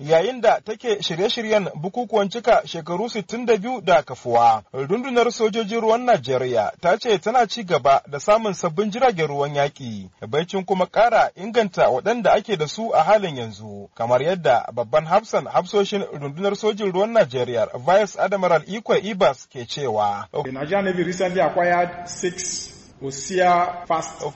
yayin da take shirye-shiryen bukukuwan cika shekaru 62 da kafuwa. Rundunar sojojin ruwan Najeriya ta ce tana ci gaba da samun sabbin jiragen ruwan yaƙi, baicin kuma ƙara inganta waɗanda ake da su a halin yanzu, kamar yadda babban hafsan hafsoshin rundunar sojin ruwan Najeriya Vice Admiral Ikwe Ibas ke cewa. The Usiya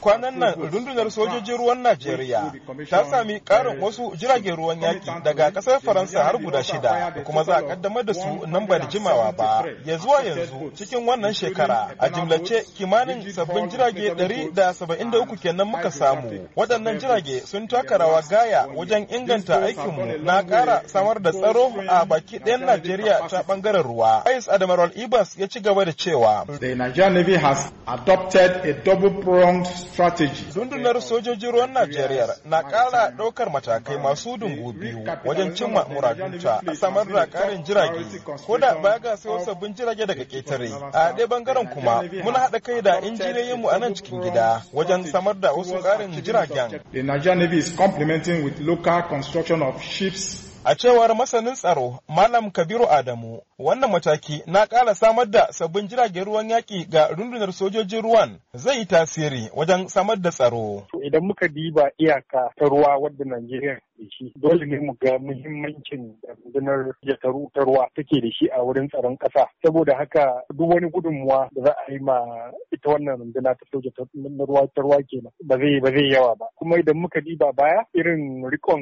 Kwanan nan rundunar sojojin ruwan Najeriya ta sami karin eh, wasu jiragen ruwan yaki daga kasar Faransa har guda shida da kuma za a kaddamar da su nan ba da jimawa ba. Ya zuwa yanzu cikin wannan shekara a jimlace kimanin sabbin jirage 173 kenan muka samu. Waɗannan jirage sun taka rawa gaya wajen inganta aikinmu na ƙara samar da tsaro a baki ɗayan Najeriya ta ɓangaren ruwa. Ais Admiral Ibas ya ci gaba da cewa. The Nigerian Navy has adopted a double-pronged strategy. Rundunar sojojin ruwan Najeriya na ƙara ɗaukar matakai masu dungu biyu wajen cimma muradunta a samar da ƙarin jirage ko da baya ga sayo sabbin jirage daga ƙetare. A ɗaya bangaren kuma muna haɗa kai da injiniyoyin mu a nan cikin gida wajen samar da wasu ƙarin jiragen. The Nigerian Navy is complementing with local construction of ships A cewar masanin tsaro Malam Kabiru Adamu, wannan mataki na ƙara samar da sabbin jiragen ruwan yaƙi ga rundunar sojojin ruwan zai yi tasiri wajen samar da tsaro. Idan muka diba iyaka ta ruwa wadda Najeriya da shi dole ne mu ga muhimmancin da rundunar jakaru ta ruwa take da shi a wurin tsaron ƙasa saboda haka duk wani gudunmuwa da za a yi ma ita wannan runduna ta sojojin ruwa ta ruwa kenan ba zai ba zai yawa ba kuma idan muka diba baya irin rikon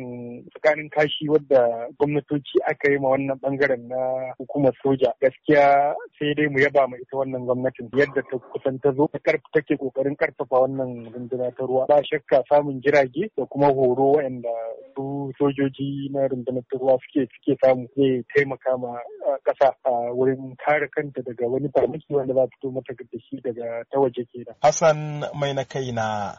tsakanin kashi wadda gwamnatoci aka yi ma wannan bangaren na hukumar soja gaskiya sai dai mu yaba ma ita wannan gwamnatin yadda ta kusan ta zo take kokarin karfafa wannan runduna ta ruwa ba shakka samun jirage da kuma horo waɗanda su sojoji na rundunar ta ruwa suke suke samu zai taimaka ma ƙasa a wurin kare kanta daga wani farmaki wanda za fito mata da shi daga ta waje kenan. Hassan mai na kai na.